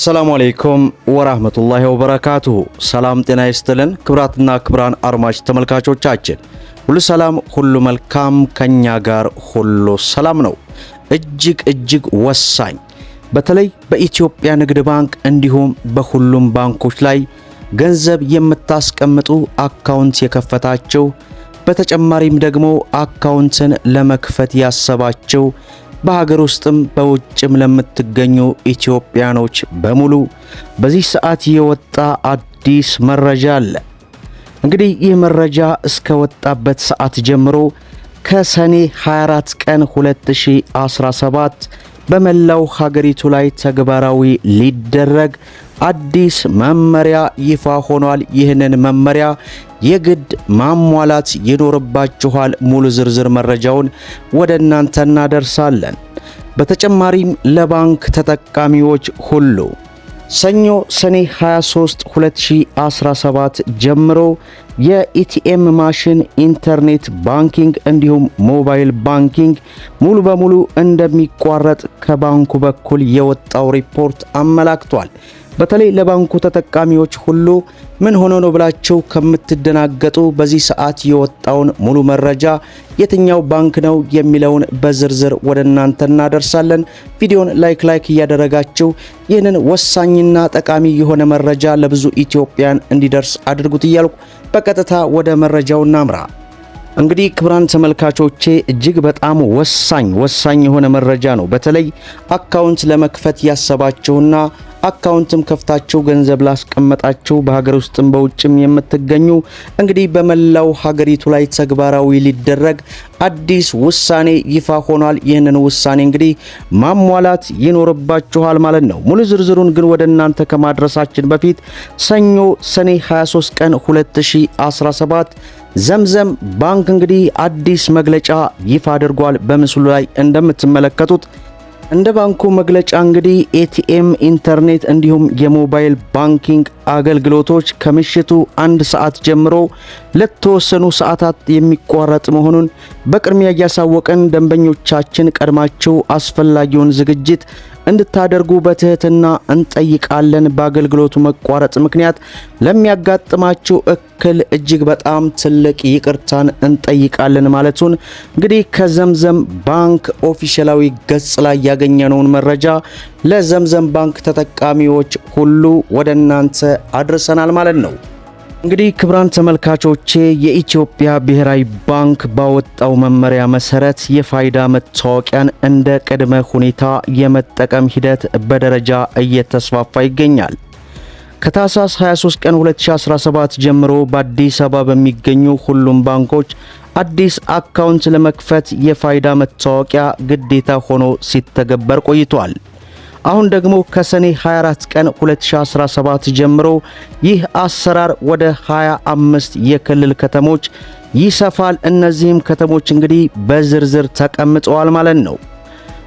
አሰላሙ አሌይኩም ወራህመቱላሂ ወበረካቱሁ። ሰላም ጤና ይስጥልን ክብራትና ክብራን አድማጭ ተመልካቾቻችን ሁሉ ሰላም፣ ሁሉ መልካም፣ ከኛ ጋር ሁሉ ሰላም ነው። እጅግ እጅግ ወሳኝ በተለይ በኢትዮጵያ ንግድ ባንክ እንዲሁም በሁሉም ባንኮች ላይ ገንዘብ የምታስቀምጡ አካውንት የከፈታቸው በተጨማሪም ደግሞ አካውንትን ለመክፈት ያሰባቸው በሀገር ውስጥም በውጭም ለምትገኙ ኢትዮጵያኖች በሙሉ በዚህ ሰዓት የወጣ አዲስ መረጃ አለ። እንግዲህ ይህ መረጃ እስከ ወጣበት ሰዓት ጀምሮ ከሰኔ 24 ቀን 2017 በመላው ሀገሪቱ ላይ ተግባራዊ ሊደረግ አዲስ መመሪያ ይፋ ሆኗል። ይህንን መመሪያ የግድ ማሟላት ይኖርባችኋል። ሙሉ ዝርዝር መረጃውን ወደ እናንተ እናደርሳለን። በተጨማሪም ለባንክ ተጠቃሚዎች ሁሉ ሰኞ ሰኔ 23 2017 ጀምሮ የኢቲኤም ማሽን ኢንተርኔት ባንኪንግ እንዲሁም ሞባይል ባንኪንግ ሙሉ በሙሉ እንደሚቋረጥ ከባንኩ በኩል የወጣው ሪፖርት አመላክቷል። በተለይ ለባንኩ ተጠቃሚዎች ሁሉ ምን ሆኖ ነው ብላችሁ ከምትደናገጡ በዚህ ሰዓት የወጣውን ሙሉ መረጃ የትኛው ባንክ ነው የሚለውን በዝርዝር ወደ እናንተ እናደርሳለን። ቪዲዮን ላይክ ላይክ እያደረጋችሁ ይህንን ወሳኝና ጠቃሚ የሆነ መረጃ ለብዙ ኢትዮጵያን እንዲደርስ አድርጉት እያልኩ በቀጥታ ወደ መረጃው እናምራ። እንግዲህ ክቡራን ተመልካቾቼ እጅግ በጣም ወሳኝ ወሳኝ የሆነ መረጃ ነው። በተለይ አካውንት ለመክፈት ያሰባችሁና አካውንትም ከፍታችሁ ገንዘብ ላስቀመጣችሁ በሀገር ውስጥም በውጭም የምትገኙ እንግዲህ በመላው ሀገሪቱ ላይ ተግባራዊ ሊደረግ አዲስ ውሳኔ ይፋ ሆኗል። ይህንን ውሳኔ እንግዲህ ማሟላት ይኖርባችኋል ማለት ነው። ሙሉ ዝርዝሩን ግን ወደ እናንተ ከማድረሳችን በፊት ሰኞ ሰኔ 23 ቀን 2017 ዘምዘም ባንክ እንግዲህ አዲስ መግለጫ ይፋ አድርጓል። በምስሉ ላይ እንደምትመለከቱት እንደ ባንኩ መግለጫ እንግዲህ ኤቲኤም፣ ኢንተርኔት እንዲሁም የሞባይል ባንኪንግ አገልግሎቶች ከምሽቱ አንድ ሰዓት ጀምሮ ለተወሰኑ ሰዓታት የሚቋረጥ መሆኑን በቅድሚያ እያሳወቀን ደንበኞቻችን ቀድማችሁ አስፈላጊውን ዝግጅት እንድታደርጉ በትህትና እንጠይቃለን። በአገልግሎቱ መቋረጥ ምክንያት ለሚያጋጥማችሁ እክል እጅግ በጣም ትልቅ ይቅርታን እንጠይቃለን ማለቱን እንግዲህ ከዘምዘም ባንክ ኦፊሻላዊ ገጽ ላይ ያገኘነውን መረጃ ለዘምዘም ባንክ ተጠቃሚዎች ሁሉ ወደ እናንተ አድርሰናል ማለት ነው። እንግዲህ ክብራን ተመልካቾቼ የኢትዮጵያ ብሔራዊ ባንክ ባወጣው መመሪያ መሰረት የፋይዳ መታወቂያን እንደ ቅድመ ሁኔታ የመጠቀም ሂደት በደረጃ እየተስፋፋ ይገኛል። ከታህሳስ 23 ቀን 2017 ጀምሮ በአዲስ አበባ በሚገኙ ሁሉም ባንኮች አዲስ አካውንት ለመክፈት የፋይዳ መታወቂያ ግዴታ ሆኖ ሲተገበር ቆይቷል። አሁን ደግሞ ከሰኔ 24 ቀን 2017 ጀምሮ ይህ አሰራር ወደ 25 የክልል ከተሞች ይሰፋል። እነዚህም ከተሞች እንግዲህ በዝርዝር ተቀምጠዋል ማለት ነው።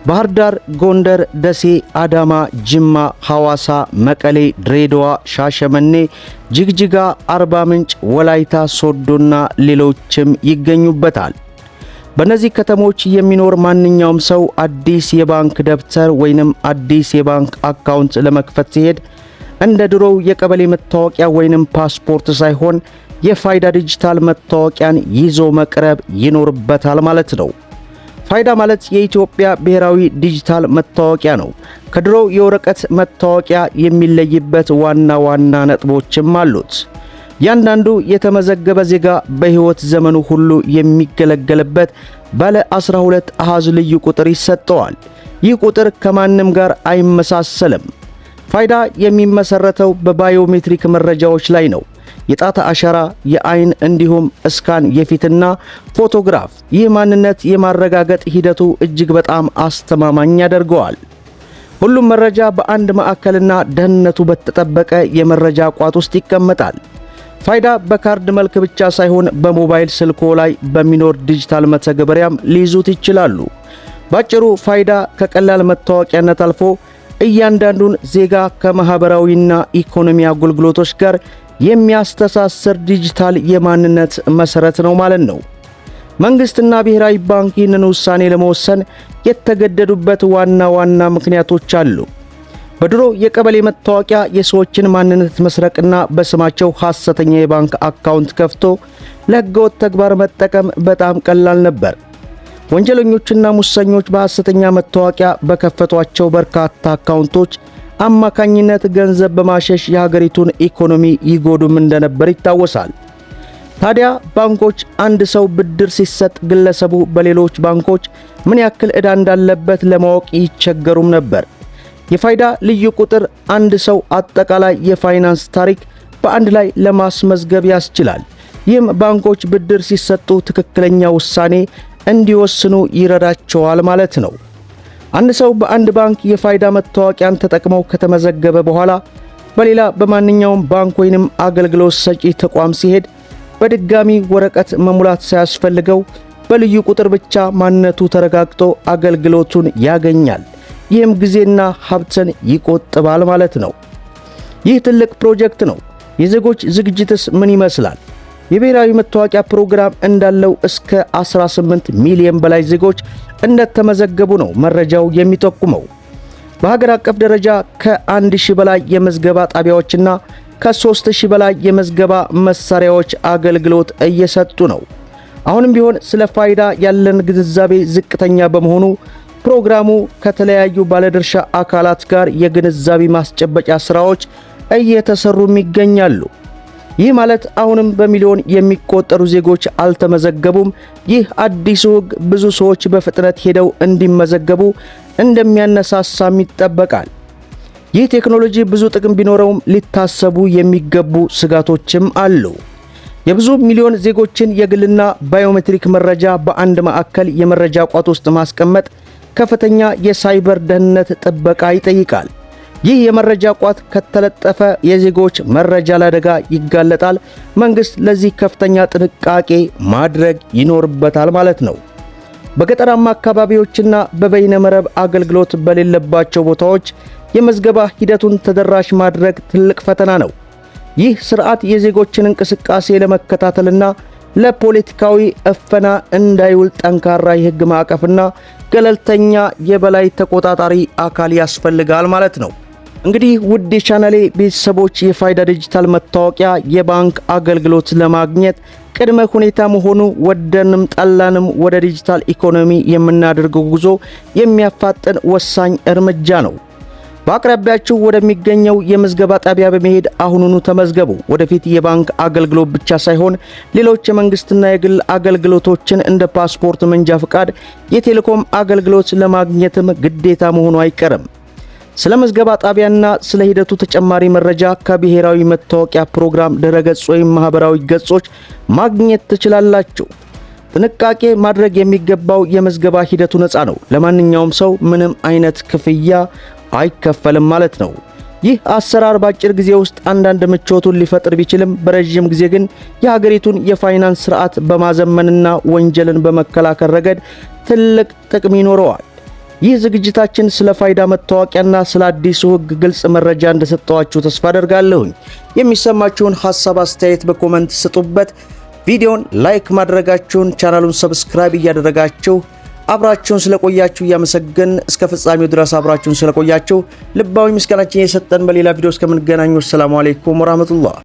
ባህር ዳር፣ ጎንደር፣ ደሴ፣ አዳማ፣ ጅማ፣ ሐዋሳ፣ መቀሌ፣ ድሬዳዋ፣ ሻሸመኔ፣ ጅግጅጋ፣ አርባ ምንጭ፣ ወላይታ፣ ሶዶና ሌሎችም ይገኙበታል። በእነዚህ ከተሞች የሚኖር ማንኛውም ሰው አዲስ የባንክ ደብተር ወይንም አዲስ የባንክ አካውንት ለመክፈት ሲሄድ እንደ ድሮው የቀበሌ መታወቂያ ወይንም ፓስፖርት ሳይሆን የፋይዳ ዲጂታል መታወቂያን ይዞ መቅረብ ይኖርበታል ማለት ነው። ፋይዳ ማለት የኢትዮጵያ ብሔራዊ ዲጂታል መታወቂያ ነው። ከድሮው የወረቀት መታወቂያ የሚለይበት ዋና ዋና ነጥቦችም አሉት። ያንዳንዱ የተመዘገበ ዜጋ በሕይወት ዘመኑ ሁሉ የሚገለገልበት ባለ 12 አሃዝ ልዩ ቁጥር ይሰጠዋል። ይህ ቁጥር ከማንም ጋር አይመሳሰልም። ፋይዳ የሚመሰረተው በባዮሜትሪክ መረጃዎች ላይ ነው። የጣት አሻራ፣ የአይን እንዲሁም እስካን፣ የፊትና ፎቶግራፍ። ይህ ማንነት የማረጋገጥ ሂደቱ እጅግ በጣም አስተማማኝ ያደርገዋል። ሁሉም መረጃ በአንድ ማዕከልና ደህንነቱ በተጠበቀ የመረጃ ቋት ውስጥ ይቀመጣል። ፋይዳ በካርድ መልክ ብቻ ሳይሆን በሞባይል ስልኮ ላይ በሚኖር ዲጂታል መተግበሪያም ሊይዙት ይችላሉ። ባጭሩ ፋይዳ ከቀላል መታወቂያነት አልፎ እያንዳንዱን ዜጋ ከማኅበራዊና ኢኮኖሚ አገልግሎቶች ጋር የሚያስተሳስር ዲጂታል የማንነት መሠረት ነው ማለት ነው። መንግሥትና ብሔራዊ ባንክ ይህንን ውሳኔ ለመወሰን የተገደዱበት ዋና ዋና ምክንያቶች አሉ። በድሮ የቀበሌ መታወቂያ የሰዎችን ማንነት መስረቅና በስማቸው ሐሰተኛ የባንክ አካውንት ከፍቶ ለሕገወጥ ተግባር መጠቀም በጣም ቀላል ነበር። ወንጀለኞችና ሙሰኞች በሐሰተኛ መታወቂያ በከፈቷቸው በርካታ አካውንቶች አማካኝነት ገንዘብ በማሸሽ የሀገሪቱን ኢኮኖሚ ይጎዱም እንደነበር ይታወሳል። ታዲያ ባንኮች አንድ ሰው ብድር ሲሰጥ ግለሰቡ በሌሎች ባንኮች ምን ያክል ዕዳ እንዳለበት ለማወቅ ይቸገሩም ነበር። የፋይዳ ልዩ ቁጥር አንድ ሰው አጠቃላይ የፋይናንስ ታሪክ በአንድ ላይ ለማስመዝገብ ያስችላል። ይህም ባንኮች ብድር ሲሰጡ ትክክለኛ ውሳኔ እንዲወስኑ ይረዳቸዋል ማለት ነው። አንድ ሰው በአንድ ባንክ የፋይዳ መታወቂያን ተጠቅመው ከተመዘገበ በኋላ በሌላ በማንኛውም ባንክ ወይንም አገልግሎት ሰጪ ተቋም ሲሄድ በድጋሚ ወረቀት መሙላት ሳያስፈልገው በልዩ ቁጥር ብቻ ማንነቱ ተረጋግጦ አገልግሎቱን ያገኛል። ይህም ጊዜና ሀብትን ይቆጥባል ማለት ነው። ይህ ትልቅ ፕሮጀክት ነው። የዜጎች ዝግጅትስ ምን ይመስላል? የብሔራዊ መታወቂያ ፕሮግራም እንዳለው እስከ 18 ሚሊዮን በላይ ዜጎች እንደተመዘገቡ ነው መረጃው የሚጠቁመው። በሀገር አቀፍ ደረጃ ከአንድ ሺህ በላይ የመዝገባ ጣቢያዎችና ከሦስት ሺህ በላይ የመዝገባ መሳሪያዎች አገልግሎት እየሰጡ ነው። አሁንም ቢሆን ስለ ፋይዳ ያለን ግንዛቤ ዝቅተኛ በመሆኑ ፕሮግራሙ ከተለያዩ ባለድርሻ አካላት ጋር የግንዛቤ ማስጨበጫ ስራዎች እየተሰሩም ይገኛሉ። ይህ ማለት አሁንም በሚሊዮን የሚቆጠሩ ዜጎች አልተመዘገቡም። ይህ አዲሱ ሕግ ብዙ ሰዎች በፍጥነት ሄደው እንዲመዘገቡ እንደሚያነሳሳም ይጠበቃል። ይህ ቴክኖሎጂ ብዙ ጥቅም ቢኖረውም ሊታሰቡ የሚገቡ ስጋቶችም አሉ። የብዙ ሚሊዮን ዜጎችን የግልና ባዮሜትሪክ መረጃ በአንድ ማዕከል የመረጃ ቋት ውስጥ ማስቀመጥ ከፍተኛ የሳይበር ደህንነት ጥበቃ ይጠይቃል። ይህ የመረጃ ቋት ከተለጠፈ የዜጎች መረጃ ለአደጋ ይጋለጣል። መንግሥት ለዚህ ከፍተኛ ጥንቃቄ ማድረግ ይኖርበታል ማለት ነው። በገጠራማ አካባቢዎችና በበይነ መረብ አገልግሎት በሌለባቸው ቦታዎች የመዝገባ ሂደቱን ተደራሽ ማድረግ ትልቅ ፈተና ነው። ይህ ሥርዓት የዜጎችን እንቅስቃሴ ለመከታተልና ለፖለቲካዊ እፈና እንዳይውል ጠንካራ የህግ ማዕቀፍና ገለልተኛ የበላይ ተቆጣጣሪ አካል ያስፈልጋል ማለት ነው። እንግዲህ ውድ የቻናሌ ቤተሰቦች የፋይዳ ዲጂታል መታወቂያ የባንክ አገልግሎት ለማግኘት ቅድመ ሁኔታ መሆኑ ወደንም ጠላንም ወደ ዲጂታል ኢኮኖሚ የምናደርገው ጉዞ የሚያፋጥን ወሳኝ እርምጃ ነው። በአቅራቢያችሁ ወደሚገኘው የምዝገባ ጣቢያ በመሄድ አሁኑኑ ተመዝገቡ። ወደፊት የባንክ አገልግሎት ብቻ ሳይሆን ሌሎች የመንግስትና የግል አገልግሎቶችን እንደ ፓስፖርት፣ መንጃ ፈቃድ፣ የቴሌኮም አገልግሎት ለማግኘትም ግዴታ መሆኑ አይቀርም። ስለ ምዝገባ ጣቢያና ስለ ሂደቱ ተጨማሪ መረጃ ከብሔራዊ መታወቂያ ፕሮግራም ድረገጽ ወይም ማህበራዊ ገጾች ማግኘት ትችላላችሁ። ጥንቃቄ ማድረግ የሚገባው የምዝገባ ሂደቱ ነፃ ነው። ለማንኛውም ሰው ምንም አይነት ክፍያ አይከፈልም ማለት ነው። ይህ አሰራር በአጭር ጊዜ ውስጥ አንዳንድ ምቾቱን ሊፈጥር ቢችልም በረዥም ጊዜ ግን የሀገሪቱን የፋይናንስ ስርዓት በማዘመንና ወንጀልን በመከላከል ረገድ ትልቅ ጥቅም ይኖረዋል። ይህ ዝግጅታችን ስለ ፋይዳ መታወቂያና ስለ አዲሱ ሕግ ግልጽ መረጃ እንደሰጠዋችሁ ተስፋ አደርጋለሁኝ። የሚሰማችሁን ሐሳብ፣ አስተያየት በኮመንት ስጡበት። ቪዲዮን ላይክ ማድረጋችሁን፣ ቻናሉን ሰብስክራይብ እያደረጋችሁ አብራችሁን ስለቆያችሁ እያመሰገን እስከ ፍጻሜው ድረስ አብራችሁን ስለቆያችሁ ልባዊ ምስጋናችን የሰጠን፣ በሌላ ቪዲዮ እስከምንገናኙ ሰላሙ አሌይኩም ወራህመቱላህ።